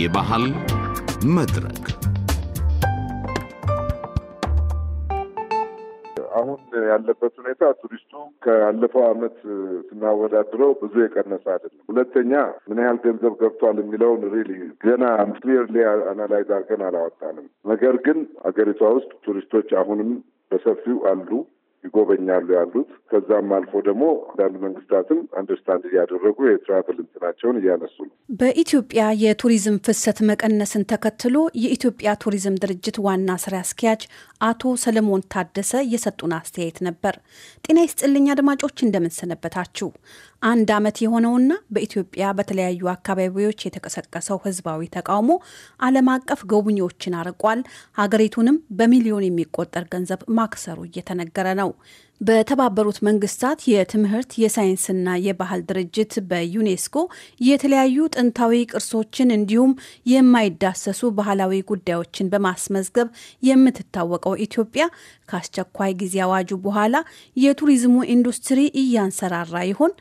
የባህል መድረክ አሁን ያለበት ሁኔታ ቱሪስቱ ከአለፈው ዓመት ስናወዳድረው ብዙ የቀነሰ አይደለም። ሁለተኛ ምን ያህል ገንዘብ ገብቷል የሚለውን ሪሊ ገና ክሊርሊ አናላይዝ አድርገን አላወጣንም። ነገር ግን ሀገሪቷ ውስጥ ቱሪስቶች አሁንም በሰፊው አሉ። ይጎበኛሉ ያሉት። ከዛም አልፎ ደግሞ አንዳንድ መንግስታትም አንደርስታንድ እያደረጉ የትራቭል እንትናቸውን እያነሱ ነው። በኢትዮጵያ የቱሪዝም ፍሰት መቀነስን ተከትሎ የኢትዮጵያ ቱሪዝም ድርጅት ዋና ስራ አስኪያጅ አቶ ሰለሞን ታደሰ የሰጡን አስተያየት ነበር። ጤና ይስጥልኝ አድማጮች፣ እንደምንሰነበታችሁ። አንድ ዓመት የሆነውና በኢትዮጵያ በተለያዩ አካባቢዎች የተቀሰቀሰው ህዝባዊ ተቃውሞ ዓለም አቀፍ ጎብኚዎችን አርቋል። ሀገሪቱንም በሚሊዮን የሚቆጠር ገንዘብ ማክሰሩ እየተነገረ ነው። ነው። በተባበሩት መንግስታት የትምህርት የሳይንስና የባህል ድርጅት በዩኔስኮ የተለያዩ ጥንታዊ ቅርሶችን እንዲሁም የማይዳሰሱ ባህላዊ ጉዳዮችን በማስመዝገብ የምትታወቀው ኢትዮጵያ ከአስቸኳይ ጊዜ አዋጁ በኋላ የቱሪዝሙ ኢንዱስትሪ እያንሰራራ ይሆን?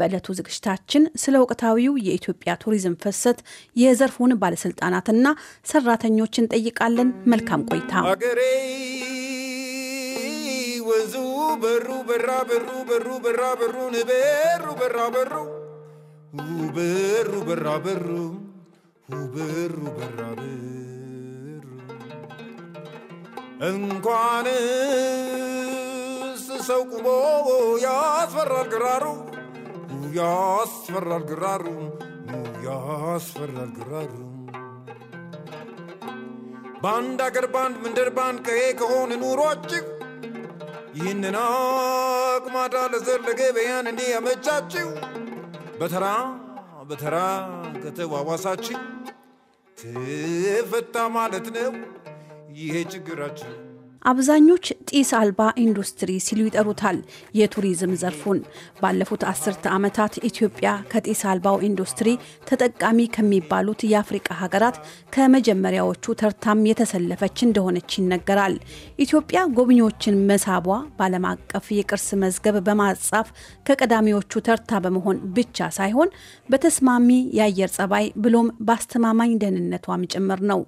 በዕለቱ ዝግጅታችን ስለ ወቅታዊው የኢትዮጵያ ቱሪዝም ፍሰት የዘርፉን ባለስልጣናትና ሰራተኞችን ጠይቃለን። መልካም ቆይታ። በሩ በራ በሩ በሩ በራ በሩ በሩ በራ በሩ በሩ በራ በሩ በሩ በራ በሩ እንኳንስ ሰው ቁሞ ያስፈራል ግራሩ ያስፈራል ግራሩ ያስፈራል ግራሩ በአንድ አገር በአንድ ምንደር በአንድ ቀዬ ከሆነ ኑሮ እጅግ ይህንን አቅማዳ ለዘር ገበያን እንዲህ ያመቻችው በተራ በተራ ከተዋዋሳችን ትፈታ ማለት ነው ይሄ ችግራችን። አብዛኞች ጢስ አልባ ኢንዱስትሪ ሲሉ ይጠሩታል የቱሪዝም ዘርፉን። ባለፉት አስርተ ዓመታት ኢትዮጵያ ከጢስ አልባው ኢንዱስትሪ ተጠቃሚ ከሚባሉት የአፍሪቃ ሀገራት ከመጀመሪያዎቹ ተርታም የተሰለፈች እንደሆነች ይነገራል። ኢትዮጵያ ጎብኚዎችን መሳቧ በዓለም አቀፍ የቅርስ መዝገብ በማጻፍ ከቀዳሚዎቹ ተርታ በመሆን ብቻ ሳይሆን በተስማሚ የአየር ጸባይ ብሎም በአስተማማኝ ደህንነቷም ጭምር ነው።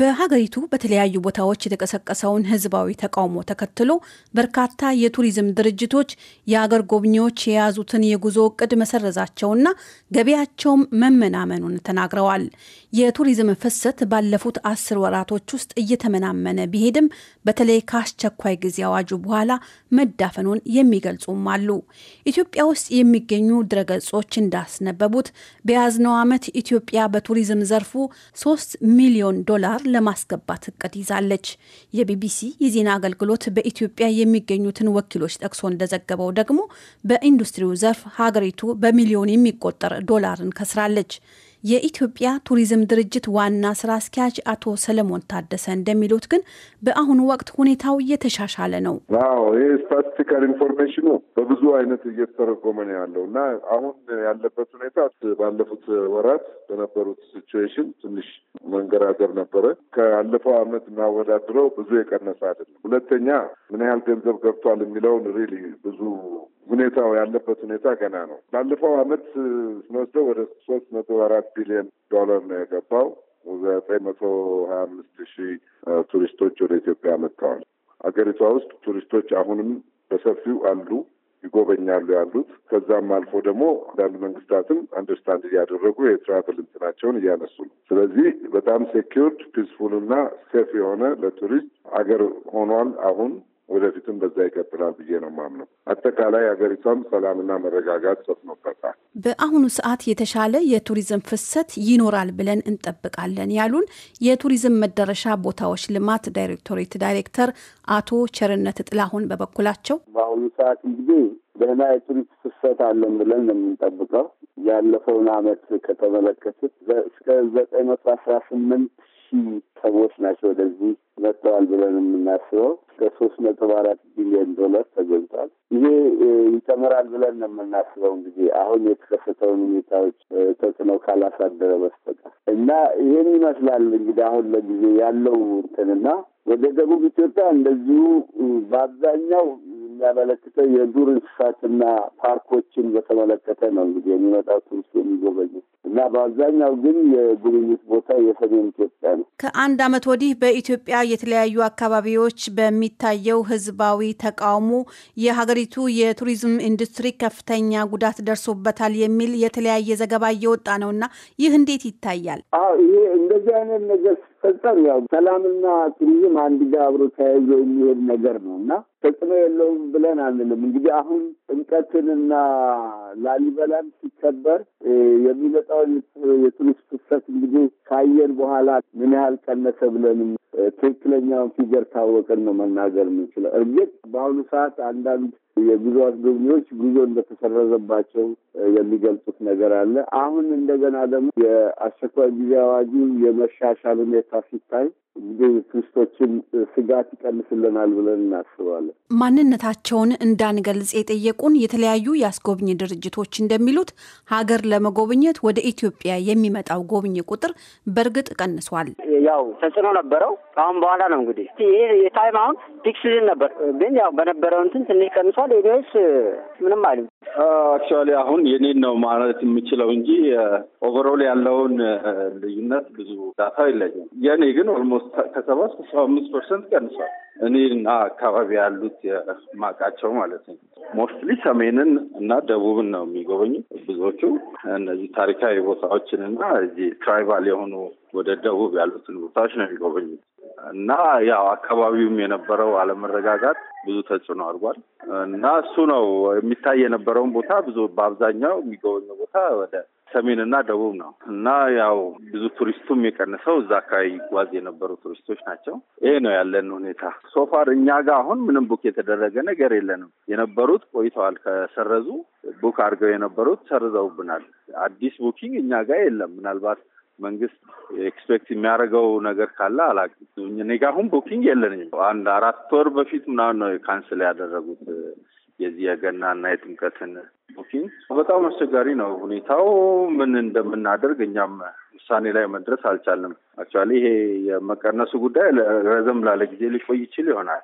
በሀገሪቱ በተለያዩ ቦታዎች የተቀሰቀሰውን ህዝባዊ ተቃውሞ ተከትሎ በርካታ የቱሪዝም ድርጅቶች የአገር ጎብኚዎች የያዙትን የጉዞ እቅድ መሰረዛቸውና ገበያቸውም መመናመኑን ተናግረዋል። የቱሪዝም ፍሰት ባለፉት አስር ወራቶች ውስጥ እየተመናመነ ቢሄድም በተለይ ከአስቸኳይ ጊዜ አዋጁ በኋላ መዳፈኑን የሚገልጹም አሉ። ኢትዮጵያ ውስጥ የሚገኙ ድረገጾች እንዳስነበቡት በያዝነው ዓመት ኢትዮጵያ በቱሪዝም ዘርፉ 3 ሚሊዮን ዶላር ለማስገባት እቅድ ይዛለች። የቢቢሲ የዜና አገልግሎት በኢትዮጵያ የሚገኙትን ወኪሎች ጠቅሶ እንደዘገበው ደግሞ በኢንዱስትሪው ዘርፍ ሀገሪቱ በሚሊዮን የሚቆጠር ዶላርን ከስራለች። የኢትዮጵያ ቱሪዝም ድርጅት ዋና ስራ አስኪያጅ አቶ ሰለሞን ታደሰ እንደሚሉት ግን በአሁኑ ወቅት ሁኔታው እየተሻሻለ ነው። አዎ ይህ ስታቲስቲካል ኢንፎርሜሽኑ በብዙ አይነት እየተተረጎመ ነው ያለው እና አሁን ያለበት ሁኔታ ባለፉት ወራት በነበሩት ሲትዌሽን ትንሽ መንገራገር ነበረ። ከአለፈው አመት እናወዳድረው ብዙ የቀነሰ አይደለም። ሁለተኛ ምን ያህል ገንዘብ ገብቷል የሚለውን ሪሊ ብዙ ሁኔታው ያለበት ሁኔታ ገና ነው። ባለፈው አመት ስንወስደው ወደ ሶስት መቶ አራት ቢሊዮን ዶላር ነው የገባው። ዘጠኝ መቶ ሀያ አምስት ሺህ ቱሪስቶች ወደ ኢትዮጵያ መጥተዋል። አገሪቷ ውስጥ ቱሪስቶች አሁንም በሰፊው አሉ ይጎበኛሉ ያሉት። ከዛም አልፎ ደግሞ አንዳንድ መንግስታትም አንደርስታንድ እያደረጉ የትራቨል እንትናቸውን እያነሱ ነው። ስለዚህ በጣም ሴኪርድ ፒስፉል እና ሴፍ የሆነ ለቱሪስት አገር ሆኗል አሁን ወደፊትም በዛ ይቀጥላል ብዬ ነው ማምነው። አጠቃላይ ሀገሪቷም ሰላምና መረጋጋት ሰፍኖበታል። በአሁኑ ሰዓት የተሻለ የቱሪዝም ፍሰት ይኖራል ብለን እንጠብቃለን ያሉን የቱሪዝም መዳረሻ ቦታዎች ልማት ዳይሬክቶሬት ዳይሬክተር አቶ ቸርነት ጥላሁን በበኩላቸው በአሁኑ ሰዓት እንግዲህ ደህና የቱሪስት ፍሰት አለን ብለን ነው የምንጠብቀው። ያለፈውን አመት ከተመለከቱት እስከ ዘጠኝ መቶ አስራ ስምንት ሺህ ሰዎች ናቸው ወደዚህ መጥተዋል ብለን የምናስበው ከሶስት ነጥብ አራት ቢሊዮን ዶላር ተገብቷል። ይሄ ይጨምራል ብለን ነው የምናስበው እንግዲህ አሁን የተከሰተውን ሁኔታዎች ተጽዕኖ ካላሳደረ በስተቀር እና ይህን ይመስላል እንግዲህ አሁን ለጊዜ ያለው እንትንና ወደ ደቡብ ኢትዮጵያ እንደዚሁ በአብዛኛው የሚያመለክተው የዱር እንስሳትና ፓርኮችን በተመለከተ ነው። እንግዲህ የሚመጣው ቱሪስት የሚጎበኙ እና በአብዛኛው ግን የጉብኝት ቦታ የሰሜን ኢትዮጵያ ነው። ከአንድ ዓመት ወዲህ በኢትዮጵያ የተለያዩ አካባቢዎች በሚታየው ህዝባዊ ተቃውሞ የሀገሪቱ የቱሪዝም ኢንዱስትሪ ከፍተኛ ጉዳት ደርሶበታል የሚል የተለያየ ዘገባ እየወጣ ነው እና ይህ እንዴት ይታያል? አዎ ይሄ እንደዚህ አይነት ነገር ሲፈጠር ያው ሰላምና ቱሪዝም አንድ ጋር አብሮ ተያይዞ የሚሄድ ነገር ነው እና ተጽዕኖ የለውም ብለን አንልም። እንግዲህ አሁን ጥምቀትንና ላሊበላን ሲከበር የሚመጣውን የቱሪስት ፍሰት እንግዲህ ካየን በኋላ ምን ያህል ቀነሰ ብለንም ትክክለኛውን ፊገር ታወቅን ነው መናገር የምንችለው። እርግጥ በአሁኑ ሰዓት አንዳንድ የጉዞ አስጎብኚዎች ጉዞ እንደተሰረዘባቸው የሚገልጹት ነገር አለ። አሁን እንደገና ደግሞ የአስቸኳይ ጊዜ አዋጁ የመሻሻል ሁኔታ ሲታይ እንግዲህ ቱሪስቶችን ስጋት ይቀንስልናል ብለን እናስባለን። ማንነታቸውን እንዳንገልጽ የጠየቁን የተለያዩ የአስጎብኝ ድርጅቶች እንደሚሉት ሀገር ለመጎብኘት ወደ ኢትዮጵያ የሚመጣው ጎብኝ ቁጥር በእርግጥ ቀንሷል። ያው ተጽዕኖ ነበረው። አሁን በኋላ ነው እንግዲህ ይህ የታይም አሁን ፒክ ሲዝን ነበር፣ ግን ያው በነበረው እንትን ትንሽ ቀንሷል። ይመልሱታል። እኔስ ምንም አሉ። አክቹዋሊ አሁን የኔን ነው ማለት የምችለው እንጂ ኦቨሮል ያለውን ልዩነት ብዙ ዳታ ይለኛል። የኔ ግን ኦልሞስት ከሰባ እስከ ሰባ አምስት ፐርሰንት ቀንሷል። እኔና አካባቢ ያሉት የማውቃቸው ማለት ነው። ሞስትሊ ሰሜንን እና ደቡብን ነው የሚጎበኙት ብዙዎቹ እነዚህ ታሪካዊ ቦታዎችን እና እዚህ ትራይባል የሆኑ ወደ ደቡብ ያሉትን ቦታዎች ነው የሚጎበኙት እና ያው አካባቢውም የነበረው አለመረጋጋት ብዙ ተጽዕኖ አድርጓል እና እሱ ነው የሚታይ የነበረውን ቦታ ብዙ በአብዛኛው የሚጎበኘው ቦታ ወደ ሰሜን እና ደቡብ ነው እና ያው ብዙ ቱሪስቱም የቀንሰው እዛ አካባቢ ይጓዝ የነበሩ ቱሪስቶች ናቸው። ይሄ ነው ያለን ሁኔታ። ሶፋር እኛ ጋር አሁን ምንም ቡክ የተደረገ ነገር የለንም። የነበሩት ቆይተዋል። ከሰረዙ ቡክ አድርገው የነበሩት ሰርዘውብናል። አዲስ ቡኪንግ እኛ ጋር የለም። ምናልባት መንግስት ኤክስፔክት የሚያደርገው ነገር ካለ አላውቅም። እኔ አሁን ቡኪንግ የለንም። አንድ አራት ወር በፊት ምናምን ነው ካንስል ያደረጉት የዚህ የገናና የጥምቀትን ቡኪንግ። በጣም አስቸጋሪ ነው ሁኔታው። ምን እንደምናደርግ እኛም ውሳኔ ላይ መድረስ አልቻለም አክቹዋሊ ይሄ የመቀነሱ ጉዳይ ረዘም ላለ ጊዜ ሊቆይ ይችል ይሆናል።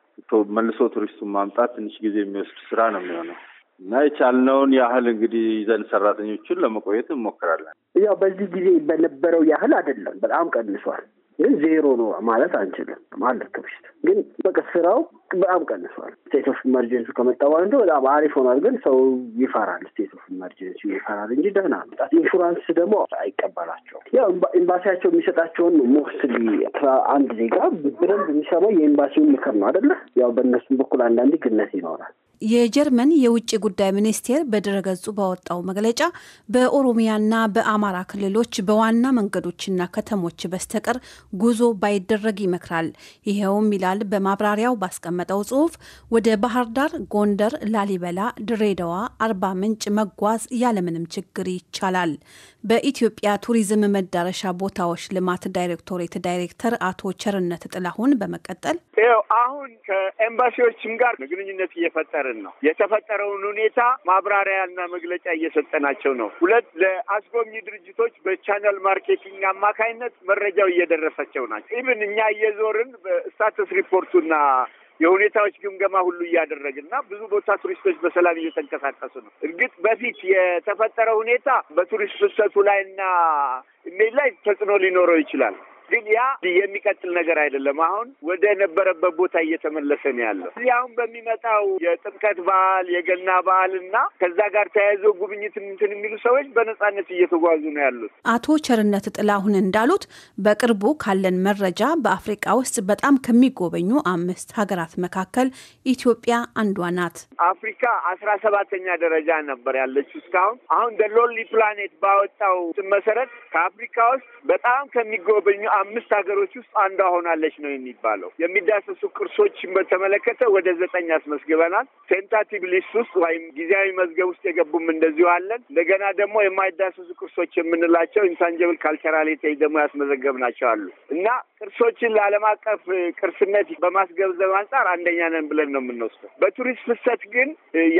መልሶ ቱሪስቱን ማምጣት ትንሽ ጊዜ የሚወስድ ስራ ነው የሚሆነው። እና የቻልነውን ያህል እንግዲህ ይዘን ሰራተኞችን ለመቆየት እንሞክራለን። ያው በዚህ ጊዜ በነበረው ያህል አይደለም፣ በጣም ቀንሷል። ግን ዜሮ ነው ማለት አንችልም። ማለት ክብሽት ግን በቃ ስራው በጣም ቀንሷል። ስቴት ኦፍ ኢመርጀንሲ ከመጣ በኋላ በጣም አሪፍ ሆኗል። ግን ሰው ይፈራል። ስቴት ኦፍ ኢመርጀንሲ ይፈራል እንጂ ደህና መጣት። ኢንሹራንስ ደግሞ አይቀበላቸው። ያው ኤምባሲያቸው የሚሰጣቸውን ሞስትሊ አንድ ዜጋ በደንብ የሚሰራው የኤምባሲውን ምክር ነው አደለ? ያው በእነሱም በኩል አንዳንድ ግነት ይኖራል። የጀርመን የውጭ ጉዳይ ሚኒስቴር በድረገጹ ባወጣው መግለጫ በኦሮሚያና በአማራ ክልሎች በዋና መንገዶችና ከተሞች በስተቀር ጉዞ ባይደረግ ይመክራል። ይኸውም ይላል በማብራሪያው ባስቀመጠው ጽሑፍ ወደ ባህር ዳር፣ ጎንደር፣ ላሊበላ፣ ድሬዳዋ፣ አርባ ምንጭ መጓዝ ያለምንም ችግር ይቻላል። በኢትዮጵያ ቱሪዝም መዳረሻ ቦታዎች ልማት ዳይሬክቶሬት ዳይሬክተር አቶ ቸርነት ጥላሁን በመቀጠል አሁን ከኤምባሲዎችም ጋር ግንኙነት እየፈጠረ እየተነጋገርን ነው። የተፈጠረውን ሁኔታ ማብራሪያና መግለጫ እየሰጠናቸው ነው። ሁለት ለአስጎብኚ ድርጅቶች በቻነል ማርኬቲንግ አማካይነት መረጃው እየደረሳቸው ናቸው። ኢብን እኛ እየዞርን በስታተስ ሪፖርቱና የሁኔታዎች ግምገማ ሁሉ ና ብዙ ቦታ ቱሪስቶች በሰላም እየተንቀሳቀሱ ነው። እርግጥ በፊት የተፈጠረ ሁኔታ በቱሪስት ፍሰቱ ላይና ኢሜል ላይ ተጽዕኖ ሊኖረው ይችላል። ግን ያ የሚቀጥል ነገር አይደለም። አሁን ወደ ነበረበት ቦታ እየተመለሰ ነው ያለው። እዚህ አሁን በሚመጣው የጥምቀት በዓል የገና በዓል እና ከዛ ጋር ተያይዞ ጉብኝት እንትን የሚሉ ሰዎች በነጻነት እየተጓዙ ነው ያሉት። አቶ ቸርነት ጥላሁን እንዳሉት በቅርቡ ካለን መረጃ በአፍሪቃ ውስጥ በጣም ከሚጎበኙ አምስት ሀገራት መካከል ኢትዮጵያ አንዷ ናት። አፍሪካ አስራ ሰባተኛ ደረጃ ነበር ያለችው እስካሁን። አሁን ደ ሎንሊ ፕላኔት ባወጣው መሰረት ከአፍሪካ ውስጥ በጣም ከሚጎበኙ አምስት ሀገሮች ውስጥ አንዷ ሆናለች ነው የሚባለው። የሚዳሰሱ ቅርሶችን በተመለከተ ወደ ዘጠኝ አስመዝግበናል። ቴንታቲቭ ሊስት ውስጥ ወይም ጊዜያዊ መዝገብ ውስጥ የገቡም እንደዚሁ አለን። እንደገና ደግሞ የማይዳሰሱ ቅርሶች የምንላቸው ኢንታንጀብል ካልቸራል ሄሪቴጅ ደግሞ ናቸው አሉ እና ቅርሶችን ለዓለም አቀፍ ቅርስነት በማስገብዘብ አንጻር አንደኛ ነን ብለን ነው የምንወስደው። በቱሪስት ፍሰት ግን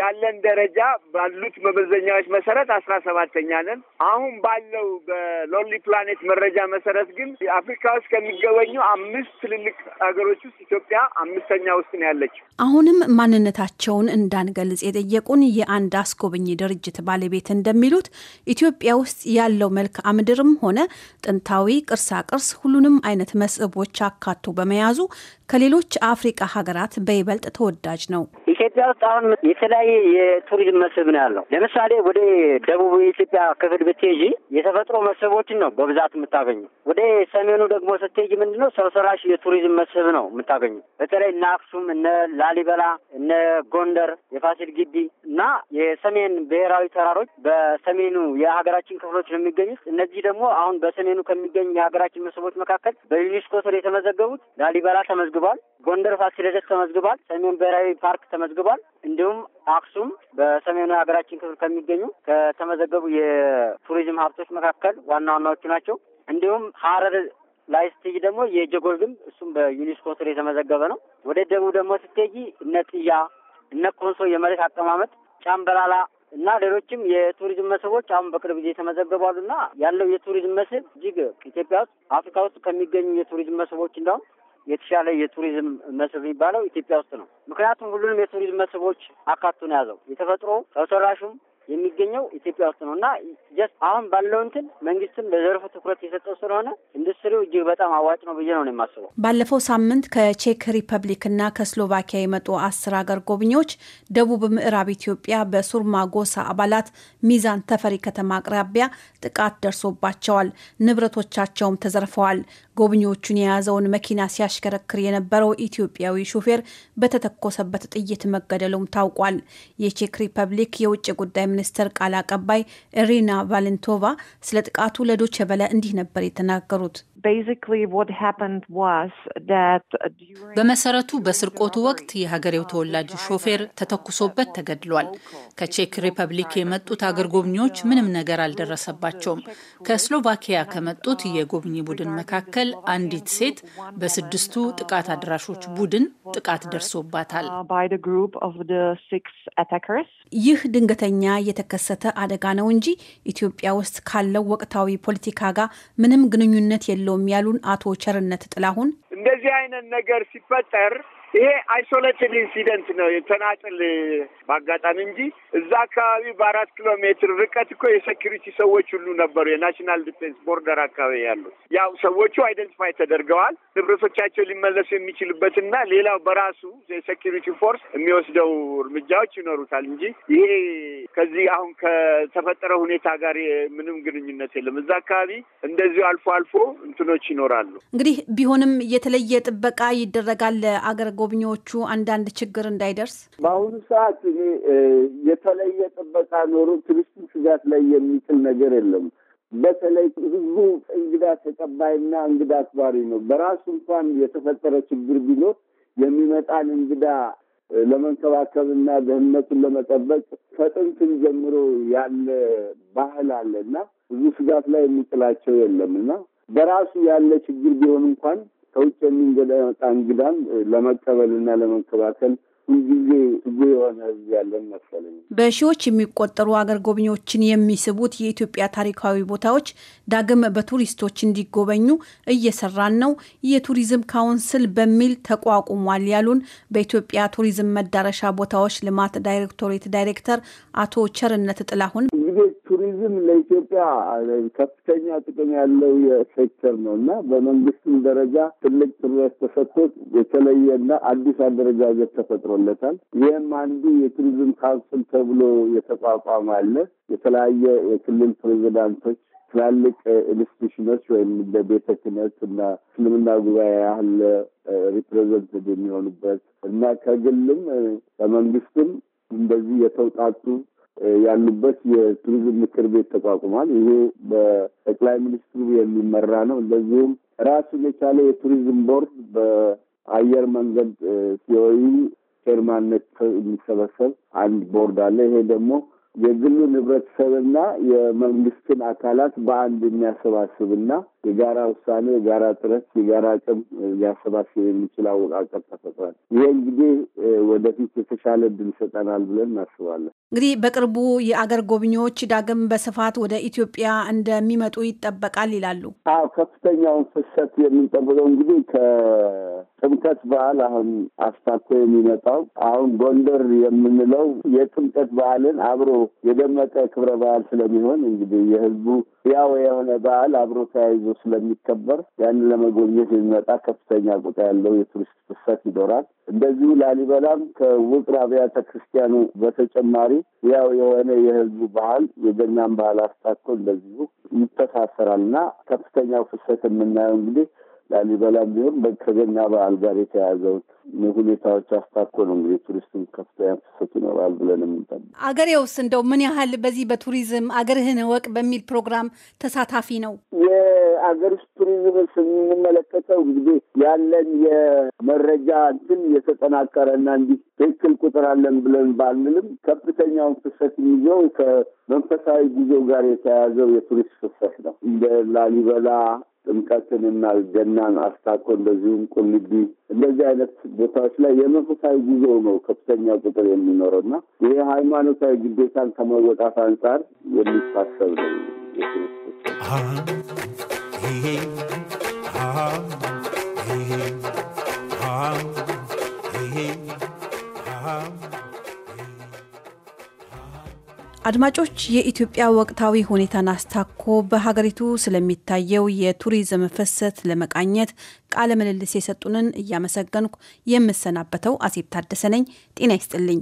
ያለን ደረጃ ባሉት መመዘኛዎች መሰረት አስራ ሰባተኛ ነን። አሁን ባለው በሎንሊ ፕላኔት መረጃ መሰረት ግን አፍሪካ ውስጥ ከሚገበኙ አምስት ትልልቅ ሀገሮች ውስጥ ኢትዮጵያ አምስተኛ ውስጥ ነው ያለችው። አሁንም ማንነታቸውን እንዳንገልጽ የጠየቁን የአንድ አስጎብኝ ድርጅት ባለቤት እንደሚሉት ኢትዮጵያ ውስጥ ያለው መልክዓ ምድርም ሆነ ጥንታዊ ቅርሳቅርስ ሁሉንም አይነት መስህቦች አካቶ በመያዙ ከሌሎች አፍሪካ ሀገራት በይበልጥ ተወዳጅ ነው። ኢትዮጵያ ውስጥ አሁን የተለያየ የቱሪዝም መስህብ ነው ያለው። ለምሳሌ ወደ ደቡብ የኢትዮጵያ ክፍል ብትሄጂ የተፈጥሮ መስህቦችን ነው በብዛት የምታገኘው። ወደ ሰሜኑ ወገኑ ደግሞ ስትሄጂ ምንድን ነው ሰው ሰራሽ የቱሪዝም መስህብ ነው የምታገኙ። በተለይ እነ አክሱም፣ እነ ላሊበላ፣ እነ ጎንደር የፋሲል ግቢ እና የሰሜን ብሔራዊ ተራሮች በሰሜኑ የሀገራችን ክፍሎች ነው የሚገኙት። እነዚህ ደግሞ አሁን በሰሜኑ ከሚገኙ የሀገራችን መስህቦች መካከል በዩኒስኮ ስር የተመዘገቡት ላሊበላ ተመዝግቧል፣ ጎንደር ፋሲለደስ ተመዝግቧል፣ ሰሜን ብሔራዊ ፓርክ ተመዝግቧል። እንዲሁም አክሱም በሰሜኑ የሀገራችን ክፍል ከሚገኙ ከተመዘገቡ የቱሪዝም ሀብቶች መካከል ዋና ዋናዎቹ ናቸው። እንዲሁም ሀረር ላይስቴጅ ደግሞ የጀጎል ግንብ እሱም በዩኒስኮ ስር የተመዘገበ ነው። ወደ ደቡብ ደግሞ ስቴጂ እነ ጥያ እነ ኮንሶ የመሬት አቀማመጥ ጫምበላላ እና ሌሎችም የቱሪዝም መስህቦች አሁን በቅርብ ጊዜ ተመዘግበዋል እና ያለው የቱሪዝም መስህብ እጅግ ኢትዮጵያ ውስጥ አፍሪካ ውስጥ ከሚገኙ የቱሪዝም መስህቦች እንደውም የተሻለ የቱሪዝም መስህብ የሚባለው ኢትዮጵያ ውስጥ ነው። ምክንያቱም ሁሉንም የቱሪዝም መስህቦች አካቱን ያዘው። የተፈጥሮ ሰው ሰራሹም የሚገኘው ኢትዮጵያ ውስጥ ነው እና ጀስት አሁን ባለው እንትን መንግስትም ለዘርፉ ትኩረት የሰጠው ስለሆነ ኢንዱስትሪው እጅግ በጣም አዋጭ ነው ብዬ ነው የማስበው። ባለፈው ሳምንት ከቼክ ሪፐብሊክና ከስሎቫኪያ የመጡ አስር አገር ጎብኚዎች ደቡብ ምዕራብ ኢትዮጵያ በሱርማ ጎሳ አባላት ሚዛን ተፈሪ ከተማ አቅራቢያ ጥቃት ደርሶባቸዋል። ንብረቶቻቸውም ተዘርፈዋል። ጎብኚዎቹን የያዘውን መኪና ሲያሽከረክር የነበረው ኢትዮጵያዊ ሹፌር በተተኮሰበት ጥይት መገደሉም ታውቋል። የቼክ ሪፐብሊክ የውጭ ጉዳይ ሚኒስትር ቃል አቀባይ ኢሪና ቫሌንቶቫ ስለ ጥቃቱ ለዶቼ ቬለ እንዲህ ነበር የተናገሩት። በመሰረቱ በስርቆቱ ወቅት የሀገሬው uh, ተወላጅ ሾፌር ተተኩሶበት ተገድሏል። ከቼክ ሪፐብሊክ የመጡት አገር ጎብኚዎች ምንም uh, ነገር አልደረሰባቸውም። ከስሎቫኪያ ከመጡት የጎብኚ ቡድን መካከል አንዲት ሴት በስድስቱ ጥቃት uh, አድራሾች ቡድን ጥቃት ደርሶባታል። ይህ ድንገተኛ የተከሰተ አደጋ ነው እንጂ ኢትዮጵያ ውስጥ ካለው ወቅታዊ ፖለቲካ ጋር ምንም ግንኙነት የለውም የለውም ያሉን አቶ ቸርነት ጥላሁን እንደዚህ አይነት ነገር ሲፈጠር ይሄ አይሶሌትድ ኢንሲደንት ነው የተናጠል ማጋጣሚ እንጂ እዛ አካባቢ በአራት ኪሎ ሜትር ርቀት እኮ የሴኪሪቲ ሰዎች ሁሉ ነበሩ። የናሽናል ዲፌንስ ቦርደር አካባቢ ያሉት ያው ሰዎቹ አይደንቲፋይ ተደርገዋል። ንብረቶቻቸው ሊመለሱ ና ሌላው በራሱ የሴኪሪቲ ፎርስ የሚወስደው እርምጃዎች ይኖሩታል እንጂ ይሄ ከዚህ አሁን ከተፈጠረ ሁኔታ ጋር ምንም ግንኙነት የለም። እዛ አካባቢ እንደዚሁ አልፎ አልፎ እንትኖች ይኖራሉ። እንግዲህ ቢሆንም የተለየ ጥበቃ ይደረጋል አገር ጎብኚዎቹ አንዳንድ ችግር እንዳይደርስ በአሁኑ ሰዓት እኔ የተለየ ጥበቃ ኖሮ ቱሪስቱ ስጋት ላይ የሚጥል ነገር የለም። በተለይ ህዝቡ እንግዳ ተቀባይና እንግዳ አክባሪ ነው። በራሱ እንኳን የተፈጠረ ችግር ቢኖር የሚመጣን እንግዳ ለመንከባከብና ደህንነቱን ለመጠበቅ ከጥንትን ጀምሮ ያለ ባህል አለ እና ብዙ ስጋት ላይ የሚጥላቸው የለም እና በራሱ ያለ ችግር ቢሆን እንኳን ከውጭ የሚንገዳመጣ እንግዳን ለመቀበልና ለመንከባከል ሁልጊዜ ጊዜ የሆነ ህዝብ ያለን መሰለኝ። በሺዎች የሚቆጠሩ አገር ጎብኚዎችን የሚስቡት የኢትዮጵያ ታሪካዊ ቦታዎች ዳግም በቱሪስቶች እንዲጎበኙ እየሰራን ነው የቱሪዝም ካውንስል በሚል ተቋቁሟል ያሉን በኢትዮጵያ ቱሪዝም መዳረሻ ቦታዎች ልማት ዳይሬክቶሬት ዳይሬክተር አቶ ቸርነት ጥላሁን እንግዲህ ቱሪዝም ለኢትዮጵያ ከፍተኛ ጥቅም ያለው የሴክተር ነው እና በመንግስትም ደረጃ ትልቅ ትኩረት ተሰጥቶት የተለየና አዲስ አደረጃጀት ተፈጥሮለታል። ይህም አንዱ የቱሪዝም ካውንስል ተብሎ የተቋቋመ አለ። የተለያየ የክልል ፕሬዚዳንቶች ትላልቅ ኢንስቲቱሽኖች ወይም እንደ ቤተ ክህነት እና እስልምና ጉባኤ ያህል ሪፕሬዘንትድ የሚሆኑበት እና ከግልም ከመንግስትም እንደዚህ የተውጣጡ ያሉበት የቱሪዝም ምክር ቤት ተቋቁሟል። ይሄ በጠቅላይ ሚኒስትሩ የሚመራ ነው። እንደዚሁም ራሱን የቻለ የቱሪዝም ቦርድ በአየር መንገድ ሲወይ ቼርማንነት የሚሰበሰብ አንድ ቦርድ አለ። ይሄ ደግሞ የግሉ ህብረተሰብና የመንግስትን አካላት በአንድ የሚያሰባስብና የጋራ ውሳኔ፣ የጋራ ጥረት፣ የጋራ አቅም ሊያሰባስብ የሚችል አወቃቀር ተፈጥሯል። ይሄ እንግዲህ ወደፊት የተሻለ እድል ይሰጠናል ብለን እናስባለን። እንግዲህ በቅርቡ የአገር ጎብኚዎች ዳግም በስፋት ወደ ኢትዮጵያ እንደሚመጡ ይጠበቃል ይላሉ። አዎ ከፍተኛውን ፍሰት የምንጠብቀው እንግዲህ ከጥምቀት በዓል አሁን አስታኮ የሚመጣው አሁን ጎንደር የምንለው የጥምቀት በዓልን አብሮ የደመቀ ክብረ በዓል ስለሚሆን እንግዲህ የህዝቡ ያው የሆነ በዓል አብሮ ተያይዞ ስለሚከበር ያንን ለመጎብኘት የሚመጣ ከፍተኛ ቁጥር ያለው የቱሪስት ፍሰት ይኖራል። እንደዚሁ ላሊበላም ከውቅር አብያተ ክርስቲያኑ በተጨማሪ ያው የሆነ የህዝቡ ባህል የገናን ባህል አስታኮ እንደዚሁ ይተሳሰራል እና ከፍተኛው ፍሰት የምናየው እንግዲህ ላሊበላም ቢሆን ከገና በዓል ጋር የተያያዘውን ሁኔታዎች አስታኮ ነው እንግዲህ ቱሪስትም ከፍተኛ ፍሰት ይኖራል ብለን የምንጠ አገሬውስ እንደው ምን ያህል በዚህ በቱሪዝም አገርህን እወቅ በሚል ፕሮግራም ተሳታፊ ነው? የአገር ውስጥ ቱሪዝም ስንመለከተው እንግዲህ ያለን የመረጃ እንትን የተጠናከረና እንዲህ ትክክል ቁጥር አለን ብለን ባንልም ከፍተኛውን ፍሰት የሚይዘው ከመንፈሳዊ ጉዞ ጋር የተያያዘው የቱሪስት ፍሰት ነው እንደ ላሊበላ ጥምቀትንና ገናን አስታኮ እንደዚሁም ቁልቢ እንደዚህ አይነት ቦታዎች ላይ የመንፈሳዊ ጉዞ ነው ከፍተኛ ቁጥር የሚኖረው እና ይህ ሃይማኖታዊ ግዴታን ከመወጣት አንጻር የሚታሰብ ነው። ይሄ አድማጮች የኢትዮጵያ ወቅታዊ ሁኔታን አስታኮ በሀገሪቱ ስለሚታየው የቱሪዝም ፍሰት ለመቃኘት ቃለ ምልልስ የሰጡንን እያመሰገንኩ የምሰናበተው አሴብ ታደሰ ነኝ። ጤና ይስጥልኝ።